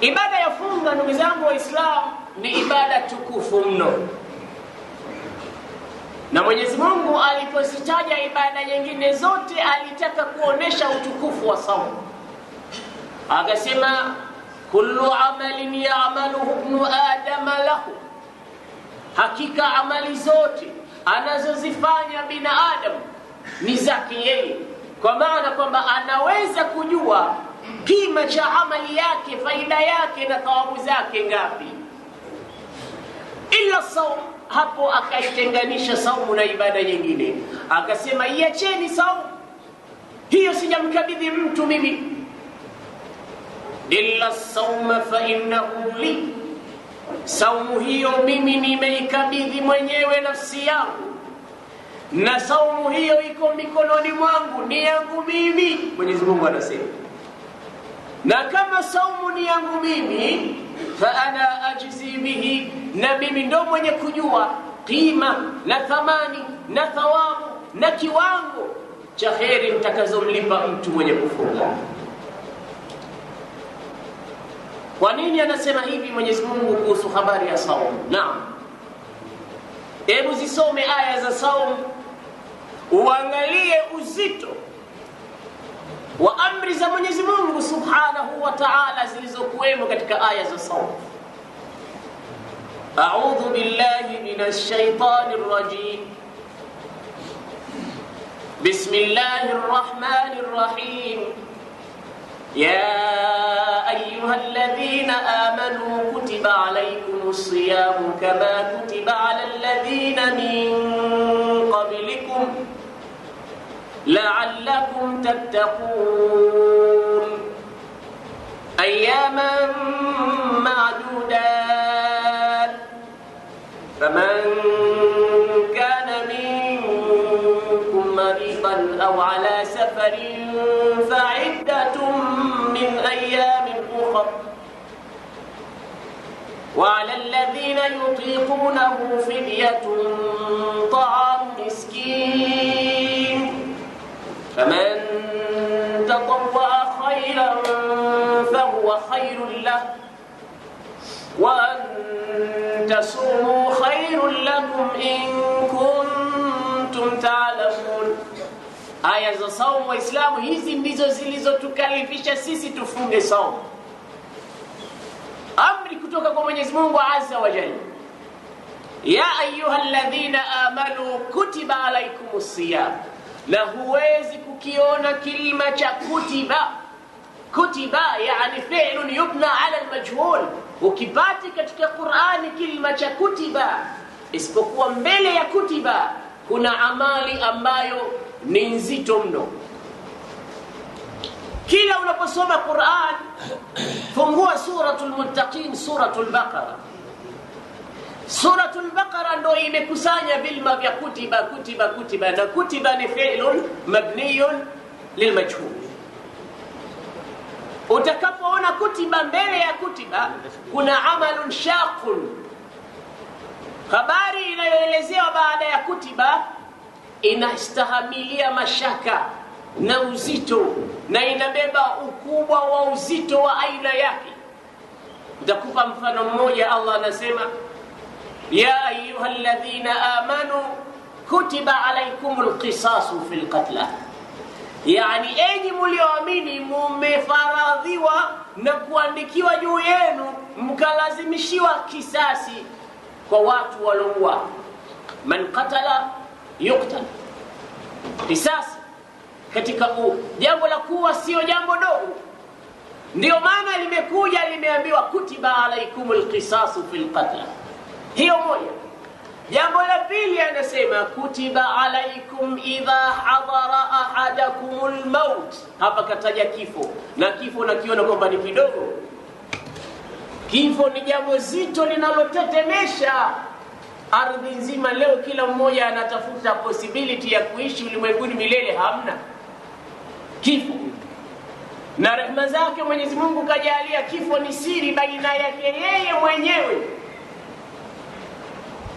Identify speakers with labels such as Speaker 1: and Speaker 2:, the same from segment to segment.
Speaker 1: Ibada ya funga, ndugu zangu islam ni ibada tukufu mno, na Mwenyezi Mungu alipozitaja ibada nyingine zote alitaka kuonesha utukufu wa saumu, akasema kullu amalin yamaluhu bnu adama lahu, hakika amali zote anazozifanya binadamu ni zake yeye, kwa maana kwamba anaweza kujua kima cha amali yake faida yake na thawabu zake ngapi ila saum hapo akaitenganisha saumu na ibada nyingine akasema iacheni saumu hiyo sijamkabidhi mtu mimi illa sauma fainnahu li saumu hiyo mimi nimeikabidhi mwenyewe nafsi yangu na saumu hiyo iko mikononi mwangu ni yangu mimi mwenyezi mungu anasema na kama saumu ni yangu mimi fa ana ajzi bihi, na mimi ndo mwenye kujua qima na thamani na thawabu na kiwango cha kheri mtakazomlipa mtu mwenye kufunga. Kwa nini anasema hivi Mwenyezi Mungu kuhusu habari ya saumu? Naam, hebu zisome aya za saumu, uangalie uzito wa amri za Mwenyezi Mungu Subhanahu wa Ta'ala zilizokuwemo katika aya za saumu. A'udhu billahi minash shaitanir rrajim Bismillahir rahmanir rahim. يا أيها الذين آمنوا كتب عليكم الصيام كما كتب على الذين من لعلكم تتقون أياما معدودات فمن كان منكم مريضا أو على سفر فعدة من أيام أخر وعلى الذين يطيقونه فدية طعام مسكين فمن تطوع خيرا فهو خير له وأن تصوموا خير لكم إن kuntum taalamun. Aya za saumu Waislamu hizi ndizo zilizotukalifisha sisi tufunge saumu. Amri kutoka kwa Mwenyezi Mungu Azza wa Jalla, ya ayuha alladhina amanu kutiba alaikumus siyam na huwezi kukiona kilima cha kutiba kutiba yani fi'lun yubna ala almajhul ukipati katika Qur'ani kilima cha kutiba isipokuwa mbele ya kutiba kuna amali ambayo ni nzito mno kila unaposoma Qur'an fungua suratul muttaqin suratul baqara Suratul Baqara ndo imekusanya vilma vya kutiba kutiba kutiba, na kutiba ni fi'lun mabniyun lilmajhul. Utakapoona kutiba mbele ya kutiba kuna amalun shaqun, habari inayoelezewa baada ya kutiba inastahamilia mashaka na uzito, na inabeba ukubwa wa uzito wa aina yake. Nitakupa mfano mmoja. Allah anasema ya أيها الذين آمنوا كتب عليكم القصاص في القتلى yaani enyi mlioamini mumefaradhiwa na kuandikiwa juu yenu mkalazimishiwa kisasi kwa watu waloua man qatala yuktal kisasi katika jambo la kuwa sio jambo dogo ndio maana limekuja limeambiwa kutiba alaikum lqisasu fi lqatla hiyo moja jambo la pili anasema kutiba alaikum idha hadara ahadakum maut, hapa kataja kifo na kifo nakiona kwamba ni kidogo kifo ni jambo zito linalotetemesha ardhi nzima leo kila mmoja anatafuta possibility ya kuishi ulimwenguni milele hamna kifo na rehema zake mwenyezi mungu kajalia kifo ni siri baina yake yeye mwenyewe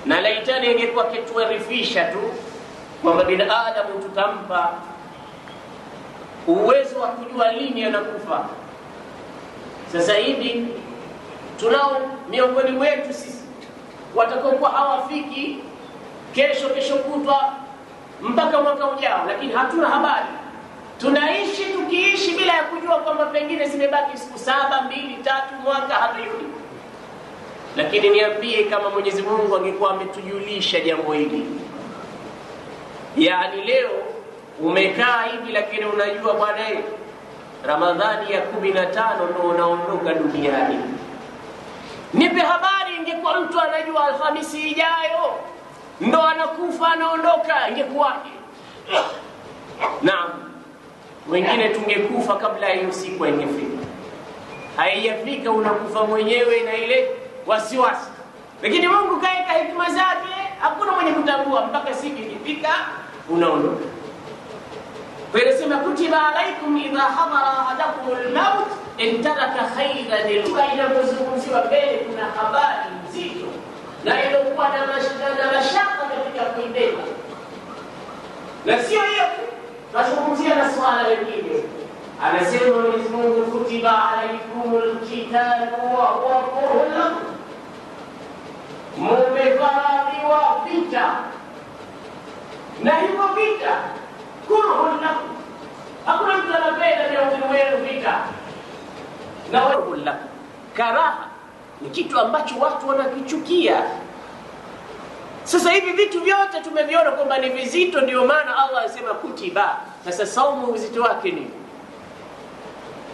Speaker 1: na laitani ingekuwa kituarifisha tu kwamba binadamu tutampa uwezo wa kujua lini anakufa. Sasa hivi tunao miongoni mwetu sisi watakaokuwa hawafiki kesho, kesho kutwa, mpaka mwaka ujao, lakini hatuna habari. Tunaishi tukiishi bila ya kujua kwamba pengine zimebaki siku saba, mbili, tatu, mwaka hatujui lakini niambie kama Mwenyezi Mungu angekuwa ametujulisha jambo hili, yani leo umekaa hivi, lakini unajua bwana, Ramadhani ya kumi na tano ndo unaondoka duniani. Nipe habari, ingekuwa mtu anajua Alhamisi ijayo ndo anakufa anaondoka, ingekuwaje? Naam, wengine tungekufa kabla hiyo siku aingefika haijafika unakufa mwenyewe na ile wasiwasi, lakini Mungu kaeka hekima zake, hakuna mwenye kutambua mpaka siku ikifika unaondoka. Inasema kutiba alaikum idha hadara ahadakum almaut in taraka khairan lilwarithi. Inapozungumziwa mbele, kuna habari nzito na iliyokuwa na mashaka katika kuibeba, na sio hiyo tunazungumzia na swala lingine anasema Mwenyezi Mungu kutiba alaikum alkitabu wa huwa vita, na hivyo vita kurhun hakuna mtu anapenda miongoni wenu vita na Karaha ni kitu ambacho watu wanakichukia. Sasa hivi vitu vyote tumeviona kwamba ni vizito, ndio maana Allah anasema kutiba. Sasa saumu uzito wake ni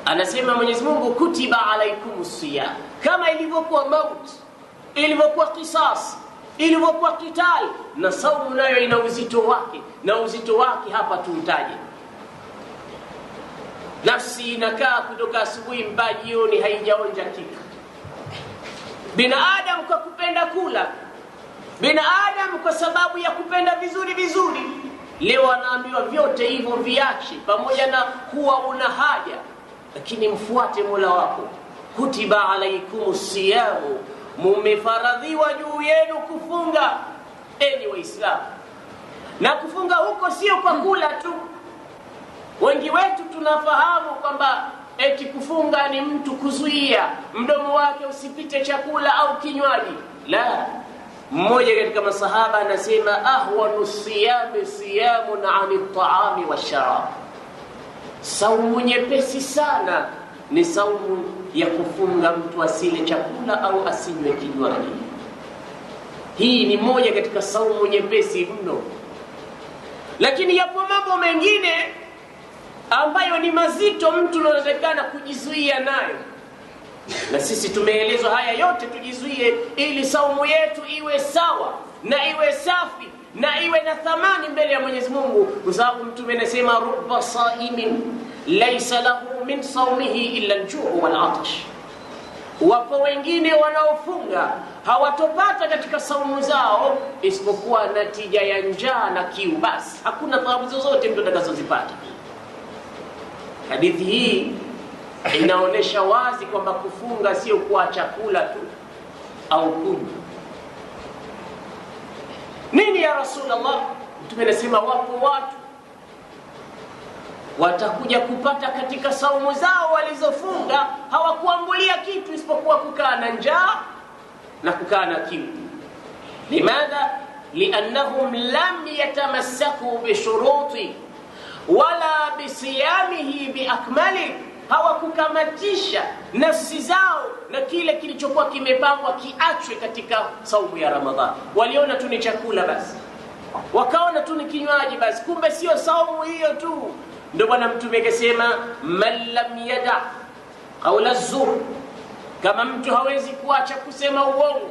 Speaker 1: Anasema Mwenyezi Mungu, kutiba alaikum siyam, kama ilivyokuwa mauti, ilivyokuwa kisasi ilivyokuwa kitali na saumu nayo ina uzito wake na uzito wake hapa tuutaje nafsi inakaa kutoka asubuhi mpaka jioni haijaonja kitu binadamu kwa kupenda kula binadamu kwa sababu ya kupenda vizuri vizuri leo anaambiwa vyote hivyo viache pamoja na kuwa una haja lakini mfuate mola wako kutiba alaikumu siyamu mumefaradhiwa juu yenu kufunga, enyi Waislamu. Na kufunga huko sio kwa hmm. kula tu. Wengi wetu tunafahamu kwamba eti kufunga ni mtu kuzuia mdomo wake usipite chakula au kinywaji. La, mmoja katika masahaba anasema ahwanu siyami siyamun ani taami washarab, saumu nyepesi sana ni saumu ya kufunga mtu asile chakula au asinywe kinywaji. Hii ni moja katika saumu nyepesi mno, lakini yapo mambo mengine ambayo ni mazito mtu unaonekana kujizuia nayo, na sisi tumeelezwa haya yote tujizuie, ili saumu yetu iwe sawa na iwe safi na iwe na thamani mbele ya Mwenyezi Mungu, kwa sababu Mtume anasema, ruba saimin laisa lahu min saumihi illa ljuu walatash, wapo wengine wanaofunga hawatopata katika saumu zao isipokuwa natija ya njaa na kiu, basi hakuna thawabu zozote mtu atakazozipata. Hadithi hii inaonyesha wazi kwamba kufunga sio kuwa chakula tu au kunywa. Nini ya Rasulullah? Mtume anasema wapo watu watakuja kupata katika saumu zao walizofunga hawakuambulia kitu isipokuwa kukaa na njaa na kukaa na kiu. Limadha? Liannahum lam yatamassaku bishuruti wala bisiyamihi biakmali, hawakukamatisha nafsi zao na kile kilichokuwa kimepangwa kiachwe katika saumu ya ramadhan Waliona tu ni chakula basi, wakaona tu ni kinywaji basi, kumbe sio saumu hiyo tu ndo bwana mtume kesema man lam yada qawla zur kama mtu hawezi kuacha kusema uongo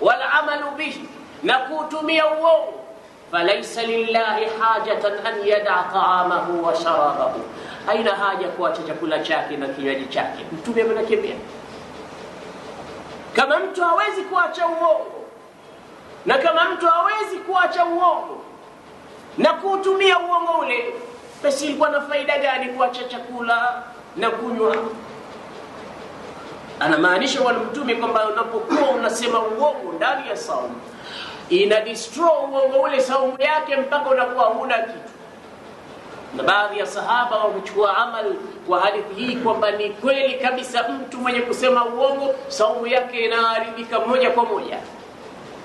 Speaker 1: wala amalu bihi na kuutumia uongo falaisa lillahi hajatan an yadaa taamahu wa sharabahu aina haja kuacha chakula chake na kinywaji chake mtume amenakemea kama mtu hawezi kuacha uongo na kama mtu hawezi kuacha uongo na kuutumia uongo ule basi ilikuwa na faida gani kuacha chakula na kunywa? Anamaanisha wale mtume kwamba unapokuwa unasema uongo ndani ya saumu, ina destroy uongo ule saumu yake mpaka unakuwa huna kitu. Na baadhi ya sahaba wamechukua amal kwa hadithi hii kwamba ni kweli kabisa, mtu mwenye kusema uongo saumu yake inaharibika moja kwa moja.